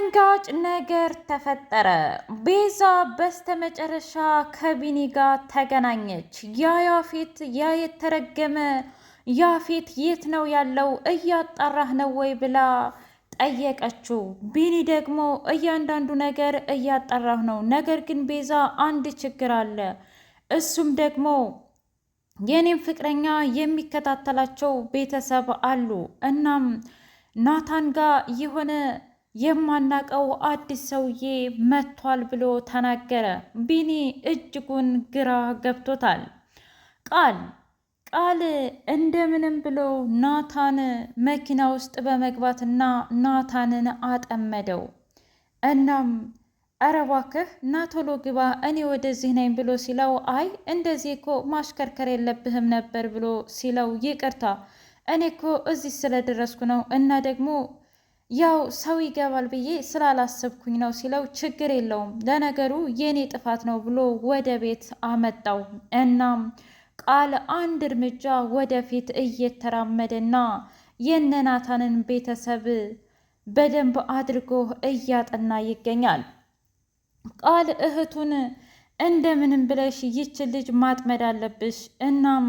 አስደንጋጭ ነገር ተፈጠረ። ቤዛ በስተመጨረሻ ከቢኒ ጋር ተገናኘች። ያ ያፌት ያ የተረገመ ያፌት የት ነው ያለው? እያጣራህ ነው ወይ ብላ ጠየቀችው። ቢኒ ደግሞ እያንዳንዱ ነገር እያጣራህ ነው፣ ነገር ግን ቤዛ አንድ ችግር አለ። እሱም ደግሞ የኔም ፍቅረኛ የሚከታተላቸው ቤተሰብ አሉ። እናም ናታን ጋር የሆነ የማናቀው አዲስ ሰውዬ መጥቷል ብሎ ተናገረ። ቢኒ እጅጉን ግራ ገብቶታል። ቃል ቃል እንደምንም ብሎ ናታን መኪና ውስጥ በመግባትና ናታንን አጠመደው። እናም ኧረ እባክህ ና ቶሎ ግባ እኔ ወደዚህ ነኝ ብሎ ሲለው አይ እንደዚህ እኮ ማሽከርከር የለብህም ነበር ብሎ ሲለው ይቅርታ እኔ እኮ እዚህ ስለደረስኩ ነው እና ደግሞ ያው ሰው ይገባል ብዬ ስላላሰብኩኝ ነው ሲለው፣ ችግር የለውም ለነገሩ የእኔ ጥፋት ነው ብሎ ወደ ቤት አመጣው። እናም ቃል አንድ እርምጃ ወደፊት እየተራመደና የነናታንን ቤተሰብ በደንብ አድርጎ እያጠና ይገኛል። ቃል እህቱን እንደምንም ብለሽ ይችን ልጅ ማጥመድ አለብሽ እናም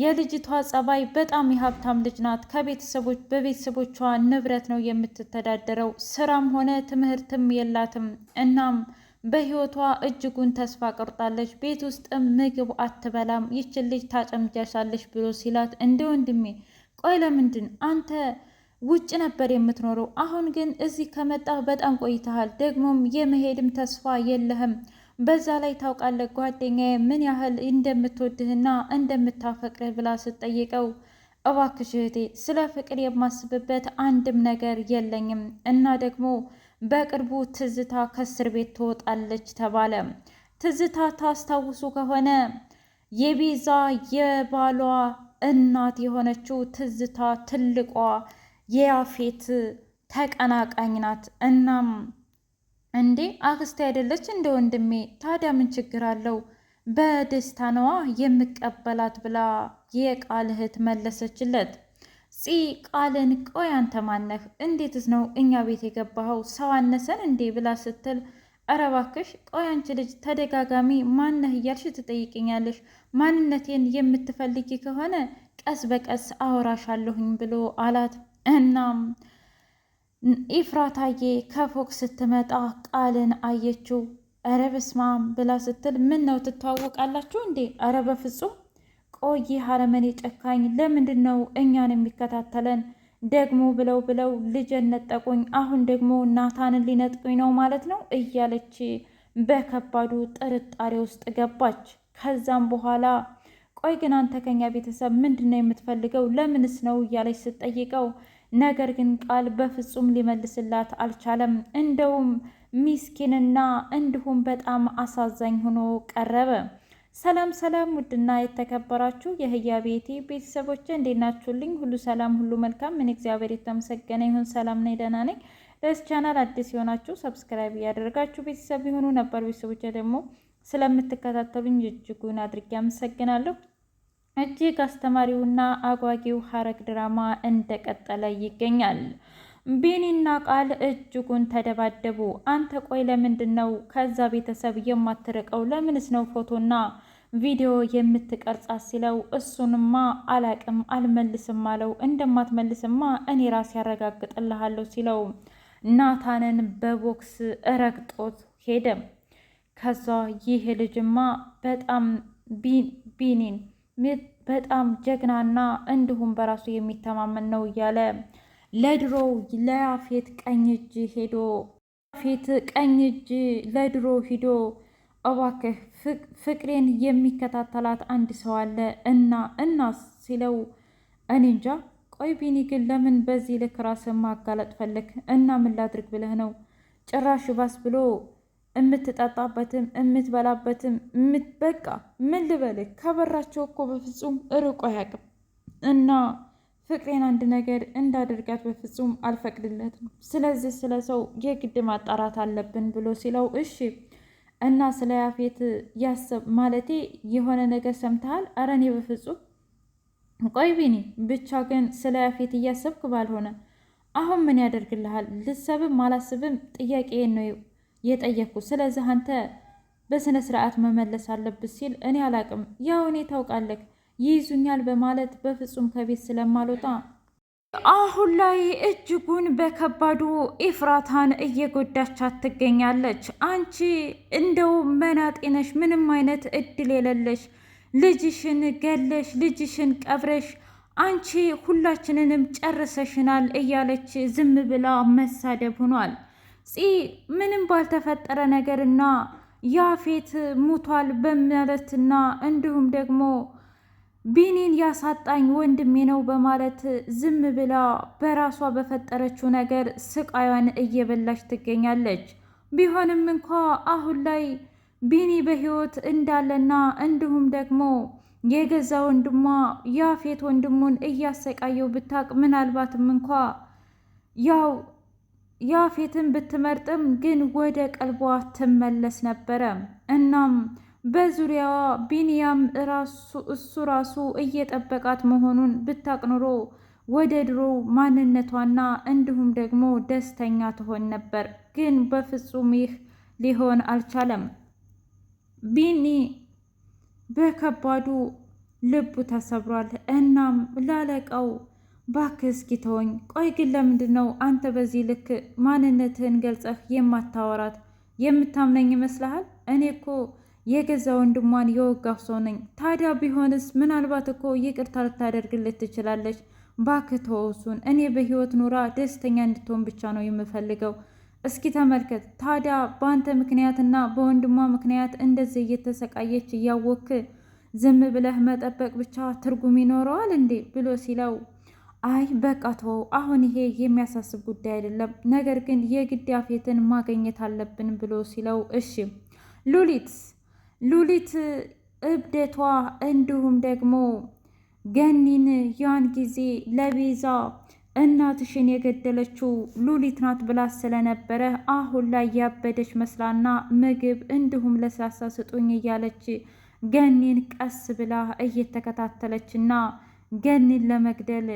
የልጅቷ ጸባይ በጣም የሀብታም ልጅ ናት። ከቤተሰቦች በቤተሰቦቿ ንብረት ነው የምትተዳደረው። ስራም ሆነ ትምህርትም የላትም። እናም በህይወቷ እጅጉን ተስፋ ቆርጣለች። ቤት ውስጥም ምግብ አትበላም። ይችን ልጅ ታጨምጃሻለች ብሎ ሲላት እንደ ወንድሜ ቆይ ለምንድን አንተ ውጭ ነበር የምትኖረው? አሁን ግን እዚህ ከመጣህ በጣም ቆይተሃል። ደግሞም የመሄድም ተስፋ የለህም በዛ ላይ ታውቃለህ ጓደኛዬ ምን ያህል እንደምትወድህና እንደምታፈቅርህ ብላ ስትጠይቀው እባክሽ እህቴ ስለ ፍቅር የማስብበት አንድም ነገር የለኝም እና ደግሞ በቅርቡ ትዝታ ከእስር ቤት ትወጣለች ተባለ። ትዝታ ታስታውሱ ከሆነ የቤዛ የባሏ እናት የሆነችው ትዝታ ትልቋ የያፌት ተቀናቃኝ ናት። እናም እንዴ አክስቴ አይደለች እንደ ወንድሜ ታዲያ ምን ችግር አለው? በደስታ ነዋ የምቀበላት ብላ የቃል እህት መለሰችለት። ፂ ቃልን ቆይ አንተ ማነህ? እንዴትስ ነው እኛ ቤት የገባኸው? ሰው አነሰን እንዴ ብላ ስትል ኧረ እባክሽ ቆይ አንቺ ልጅ ተደጋጋሚ ማነህ እያልሽ ትጠይቅኛለሽ። ማንነቴን የምትፈልጊ ከሆነ ቀስ በቀስ አወራሻለሁኝ ብሎ አላት። እናም ኢፍራታዬ ከፎቅ ስትመጣ ቃልን አየችው። እረ በስማም ብላ ስትል ምን ነው ትተዋወቃላችሁ እንዴ? እረ በፍጹም ቆይ፣ አረመኔ ጨካኝ፣ ለምንድን ነው እኛን የሚከታተለን? ደግሞ ብለው ብለው ልጄን ነጠቁኝ፣ አሁን ደግሞ ናታንን ሊነጥቁኝ ነው ማለት ነው እያለች በከባዱ ጥርጣሬ ውስጥ ገባች። ከዛም በኋላ ቆይ ግን አንተ ከኛ ቤተሰብ ምንድን ነው የምትፈልገው? ለምንስ ነው እያለች ስትጠይቀው ነገር ግን ቃል በፍጹም ሊመልስላት አልቻለም። እንደውም ሚስኪንና እንዲሁም በጣም አሳዛኝ ሆኖ ቀረበ። ሰላም ሰላም፣ ውድና የተከበራችሁ የህያ ቤቴ ቤተሰቦች እንዴት ናችሁልኝ? ሁሉ ሰላም፣ ሁሉ መልካም። ምን እግዚአብሔር የተመሰገነ ይሁን። ሰላም ነኝ፣ ደህና ነኝ። ለዚህ ቻናል አዲስ የሆናችሁ ሰብስክራይብ እያደረጋችሁ ቤተሰብ የሆኑ ነበር ቤተሰቦች ደግሞ ስለምትከታተሉኝ እጅጉን አድርጌ አመሰግናለሁ። እጅግ አስተማሪውና አጓጊው ሐረግ ድራማ እንደቀጠለ ይገኛል። ቢኒና ቃል እጅጉን ተደባደቡ። አንተ ቆይ ለምንድን ነው ከዛ ቤተሰብ የማትርቀው? ለምንስ ነው ፎቶና ቪዲዮ የምትቀርጻት ሲለው እሱንማ አላቅም አልመልስም አለው። እንደማትመልስማ እኔ ራሴ ያረጋግጥልሃለሁ ሲለው ናታንን በቦክስ እረግጦት ሄደ ከዛ ይህ ልጅማ በጣም ቢኒን በጣም ጀግናና እንዲሁም በራሱ የሚተማመን ነው እያለ ለድሮ ለያፌት ቀኝ እጅ ሄዶ ፌት ቀኝ እጅ ለድሮ ሂዶ እባክህ ፍቅሬን የሚከታተላት አንድ ሰው አለ እና እና ሲለው እኔ እንጃ ቆይ ቢኒ ግን ለምን በዚህ ልክ ራስን ማጋለጥ ፈለግ እና ምን ላድርግ ብለህ ነው ጭራሽ ባስ ብሎ የምትጠጣበትም የምትበላበትም በቃ ምን ልበልህ ከበራቸው እኮ በፍጹም ርቆ አያውቅም። እና ፍቅሬን አንድ ነገር እንዳደርጋት በፍጹም አልፈቅድለትም። ስለዚህ ስለ ሰው የግድ ማጣራት አለብን ብሎ ሲለው እሺ እና ስለ ያፌት ያሰብ ማለቴ የሆነ ነገር ሰምተሃል? ኧረ እኔ በፍጹም ቆይ ቢኒ ብቻ ግን ስለ ያፌት እያሰብክ ባልሆነ አሁን ምን ያደርግልሃል? ልሰብም አላስብም ጥያቄ ነው የጠየቅኩት። ስለዚህ አንተ በስነ ስርዓት መመለስ አለብት ሲል እኔ አላቅም፣ ያው እኔ ታውቃለህ ይይዙኛል በማለት በፍጹም ከቤት ስለማልወጣ አሁን ላይ እጅጉን በከባዱ ኤፍራታን እየጎዳቻት ትገኛለች። አንቺ እንደው መናጤነሽ፣ ምንም አይነት እድል የለለሽ ልጅሽን ገለሽ፣ ልጅሽን ቀብረሽ፣ አንቺ ሁላችንንም ጨርሰሽናል እያለች ዝም ብላ መሳደብ ሆኗል። ፂ ምንም ባልተፈጠረ ነገርና ያፌት ሙቷል በማለትና እንዲሁም ደግሞ ቢኒን ያሳጣኝ ወንድሜ ነው በማለት ዝም ብላ በራሷ በፈጠረችው ነገር ስቃዩን እየበላች ትገኛለች። ቢሆንም እንኳ አሁን ላይ ቢኒ በሕይወት እንዳለና እንዲሁም ደግሞ የገዛ ወንድሟ ያፌት ወንድሙን እያሰቃየው ብታቅ ምናልባትም እንኳ ያው ያፌትን ብትመርጥም ግን ወደ ቀልቧ ትመለስ ነበረ። እናም በዙሪያዋ ቢንያም እሱ ራሱ እየጠበቃት መሆኑን ብታቅ ኖሮ ወደ ድሮ ማንነቷና እንዲሁም ደግሞ ደስተኛ ትሆን ነበር። ግን በፍጹም ይህ ሊሆን አልቻለም። ቢኒ በከባዱ ልቡ ተሰብሯል። እናም ላለቃው ባክ እስኪ ተወኝ። ቆይ ግን ለምንድን ነው አንተ በዚህ ልክ ማንነትህን ገልጸህ የማታወራት? የምታምነኝ ይመስልሃል? እኔ እኮ የገዛ ወንድሟን የወጋሁ ሰው ነኝ። ታዲያ ቢሆንስ ምናልባት እኮ ይቅርታ ልታደርግልት ትችላለች። ባክ ተወው እሱን። እኔ በህይወት ኑራ ደስተኛ እንድትሆን ብቻ ነው የምፈልገው። እስኪ ተመልከት ታዲያ በአንተ ምክንያትና በወንድሟ ምክንያት እንደዚህ እየተሰቃየች እያወክ ዝም ብለህ መጠበቅ ብቻ ትርጉም ይኖረዋል እንዴ? ብሎ ሲለው አይ በቃ ተወው፣ አሁን ይሄ የሚያሳስብ ጉዳይ አይደለም፣ ነገር ግን የግድ ያፌትን ማገኘት አለብን ብሎ ሲለው እሺ ሉሊት ሉሊት እብደቷ እንዲሁም ደግሞ ገኒን ያን ጊዜ ለቤዛ እናትሽን የገደለችው ሉሊት ናት ብላ ስለነበረ አሁን ላይ ያበደች መስላና ምግብ እንዲሁም ለስላሳ ስጡኝ እያለች ገኒን ቀስ ብላ እየተከታተለችና ገኒን ለመግደል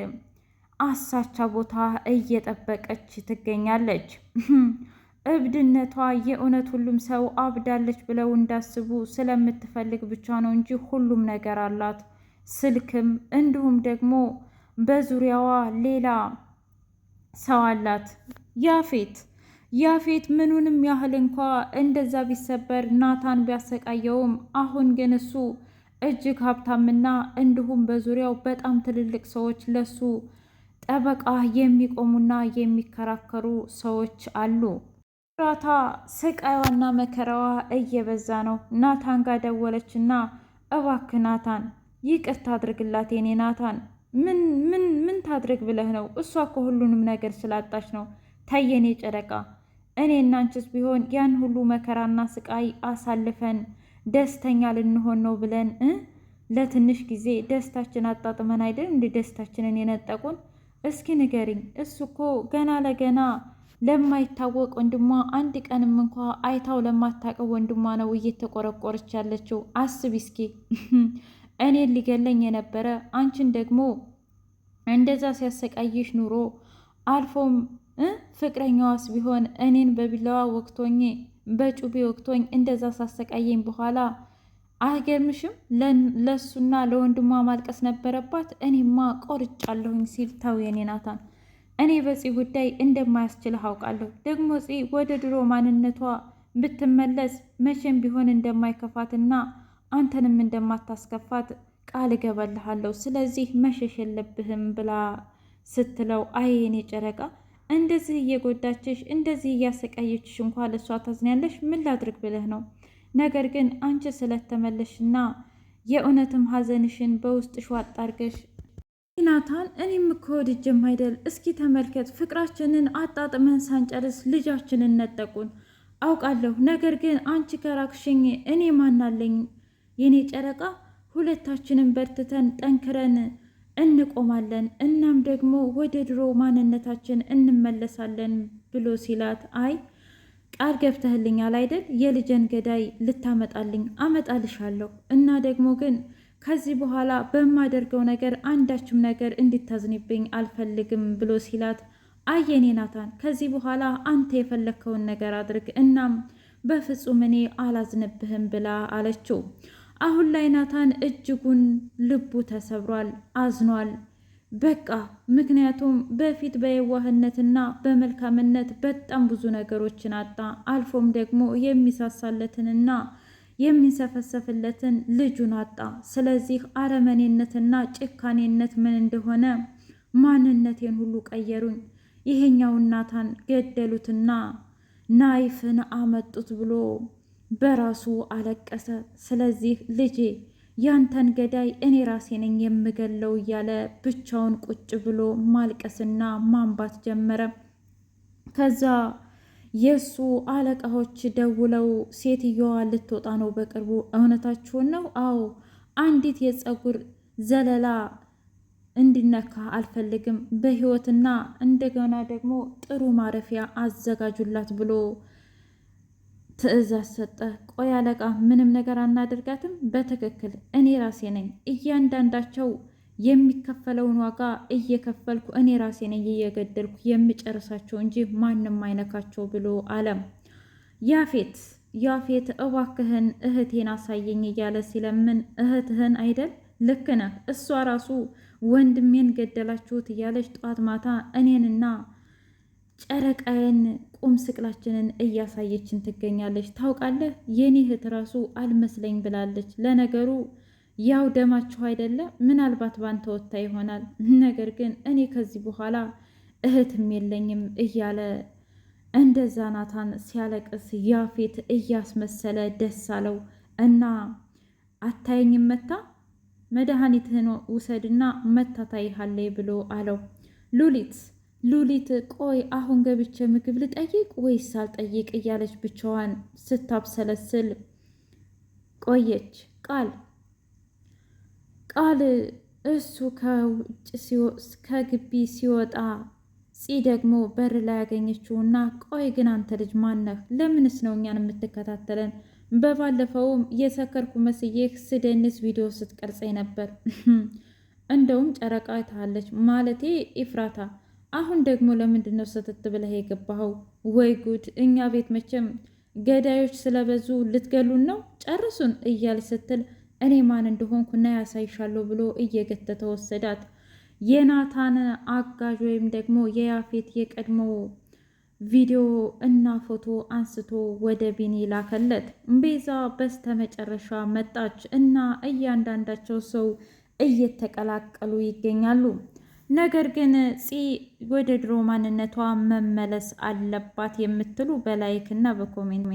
አሳቻ ቦታ እየጠበቀች ትገኛለች። እብድነቷ የእውነት ሁሉም ሰው አብዳለች ብለው እንዳስቡ ስለምትፈልግ ብቻ ነው እንጂ ሁሉም ነገር አላት። ስልክም እንዲሁም ደግሞ በዙሪያዋ ሌላ ሰው አላት። ያፌት ያፌት ምኑንም ያህል እንኳ እንደዛ ቢሰበር ናታን ቢያሰቃየውም፣ አሁን ግን እሱ እጅግ ሀብታምና እንዲሁም በዙሪያው በጣም ትልልቅ ሰዎች ለሱ ጠበቃ የሚቆሙና የሚከራከሩ ሰዎች አሉ። ራታ ስቃይዋና መከራዋ እየበዛ ነው። ናታን ጋር ደወለችና እባክህ ናታን ይቅርታ አድርግላት የኔ ናታን፣ ምን ምን ምን ታድርግ ብለህ ነው? እሷ እኮ ሁሉንም ነገር ስላጣች ነው። ተየኔ ጨረቃ፣ እኔ እናንችስ ቢሆን ያን ሁሉ መከራና ስቃይ አሳልፈን ደስተኛ ልንሆን ነው ብለን ለትንሽ ጊዜ ደስታችን አጣጥመን አይደል እንዴ ደስታችንን የነጠቁን እስኪ ንገሪኝ። እሱ እኮ ገና ለገና ለማይታወቅ ወንድሟ አንድ ቀንም እንኳ አይታው ለማታውቀው ወንድሟ ነው እየተቆረቆረች ያለችው። አስቢ እስኪ እኔን ሊገለኝ የነበረ አንቺን ደግሞ እንደዛ ሲያሰቃይሽ ኑሮ አልፎም ፍቅረኛዋስ ቢሆን እኔን በቢላዋ ወቅቶኝ በጩቤ ወቅቶኝ እንደዛ ሳሰቃየኝ በኋላ አይገርምሽም? ለሱና ለወንድሟ ማልቀስ ነበረባት። እኔማ ቆርጫለሁኝ ሲል ተው የኔ ናታን፣ እኔ በፂ ጉዳይ እንደማያስችልህ አውቃለሁ። ደግሞ ፂ ወደ ድሮ ማንነቷ ብትመለስ መቼም ቢሆን እንደማይከፋትና አንተንም እንደማታስከፋት ቃል እገባልሃለሁ። ስለዚህ መሸሽ የለብህም ብላ ስትለው አይ የኔ ጨረቃ እንደዚህ እየጎዳችሽ እንደዚህ እያሰቃየችሽ እንኳ ለእሷ ታዝኛለሽ? ምን ላድርግ ብለህ ነው ነገር ግን አንቺ ስለተመለሽና የእውነትም ሀዘንሽን በውስጥሽ ዋጥ አድርገሽ ናታን እኔም እኮ ወድጄም አይደል። እስኪ ተመልከት፣ ፍቅራችንን አጣጥመን ሳንጨርስ ልጃችንን ነጠቁን። አውቃለሁ፣ ነገር ግን አንቺ ከራክሽኝ እኔ ማናለኝ? የኔ ጨረቃ፣ ሁለታችንን በርትተን ጠንክረን እንቆማለን። እናም ደግሞ ወደ ድሮ ማንነታችን እንመለሳለን ብሎ ሲላት አይ ቃል ገብተህልኛል አይደል? የልጄን ገዳይ ልታመጣልኝ አመጣልሻለሁ። እና ደግሞ ግን ከዚህ በኋላ በማደርገው ነገር አንዳችም ነገር እንድታዝንብኝ አልፈልግም ብሎ ሲላት አየኔ ናታን፣ ከዚህ በኋላ አንተ የፈለግከውን ነገር አድርግ፣ እናም በፍጹም እኔ አላዝንብህም ብላ አለችው። አሁን ላይ ናታን እጅጉን ልቡ ተሰብሯል፣ አዝኗል። በቃ ምክንያቱም በፊት በየዋህነትና በመልካምነት በጣም ብዙ ነገሮችን አጣ። አልፎም ደግሞ የሚሳሳለትንና የሚንሰፈሰፍለትን ልጁን አጣ። ስለዚህ አረመኔነትና ጭካኔነት ምን እንደሆነ ማንነቴን ሁሉ ቀየሩኝ፣ ይሄኛው እናታን ገደሉትና ናይፍን አመጡት ብሎ በራሱ አለቀሰ። ስለዚህ ልጄ ያንተን ገዳይ እኔ ራሴ ነኝ የምገለው እያለ ብቻውን ቁጭ ብሎ ማልቀስና ማንባት ጀመረ። ከዛ የእሱ አለቃዎች ደውለው ሴትየዋ ልትወጣ ነው በቅርቡ። እውነታችሁን ነው? አዎ፣ አንዲት የፀጉር ዘለላ እንዲነካ አልፈልግም በህይወትና እንደገና ደግሞ ጥሩ ማረፊያ አዘጋጁላት ብሎ ትዕዛዝ ሰጠ። ቆይ አለቃ፣ ምንም ነገር አናደርጋትም። በትክክል እኔ ራሴ ነኝ እያንዳንዳቸው የሚከፈለውን ዋጋ እየከፈልኩ እኔ ራሴ ነኝ እየገደልኩ የምጨርሳቸው እንጂ ማንም አይነካቸው ብሎ አለም። ያፌት ያፌት እባክህን እህቴን አሳየኝ እያለ ሲለምን እህትህን አይደል ልክ ነህ፣ እሷ ራሱ ወንድሜን ገደላችሁት እያለች ጠዋት ማታ እኔንና ጨረቃዬን ቁም ስቅላችንን እያሳየችን ትገኛለች። ታውቃለህ የኔ እህት ራሱ አልመስለኝ ብላለች። ለነገሩ ያው ደማችሁ አይደለ? ምናልባት ባንተ ወታ ይሆናል። ነገር ግን እኔ ከዚህ በኋላ እህትም የለኝም እያለ እንደዛ ናታን ሲያለቅስ ያፌት እያስመሰለ ደስ አለው እና አታየኝም መታ መድኃኒትህን ውሰድና መታታይሃለይ ብሎ አለው ሉሊት ሉሊት ቆይ አሁን ገብቼ ምግብ ልጠይቅ ወይስ አልጠይቅ እያለች ብቻዋን ስታብሰለስል ቆየች። ቃል ቃል እሱ ከውጭ ከግቢ ሲወጣ ፂ ደግሞ በር ላይ ያገኘችው እና ቆይ ግን አንተ ልጅ ማነህ? ለምንስ ነው እኛን የምትከታተለን? በባለፈውም የሰከርኩ መስዬህ ስደንስ ቪዲዮ ስትቀርጸኝ ነበር። እንደውም ጨረቃ ታለች ማለቴ ኢፍራታ አሁን ደግሞ ለምንድን ነው ስትት ብለህ የገባኸው? ወይ ጉድ! እኛ ቤት መቼም ገዳዮች ስለበዙ ልትገሉን ነው? ጨርሱን እያል ስትል እኔ ማን እንደሆንኩ እና ያሳይሻለሁ ብሎ እየገተተ ወሰዳት። የናታን አጋዥ ወይም ደግሞ የያፌት የቀድሞ ቪዲዮ እና ፎቶ አንስቶ ወደ ቢኒ ላከለት። ቤዛ በስተመጨረሻ መጣች እና እያንዳንዳቸው ሰው እየተቀላቀሉ ይገኛሉ። ነገር ግን ፂ ወደ ድሮ ማንነቷ መመለስ አለባት የምትሉ በላይክ እና በኮሜንት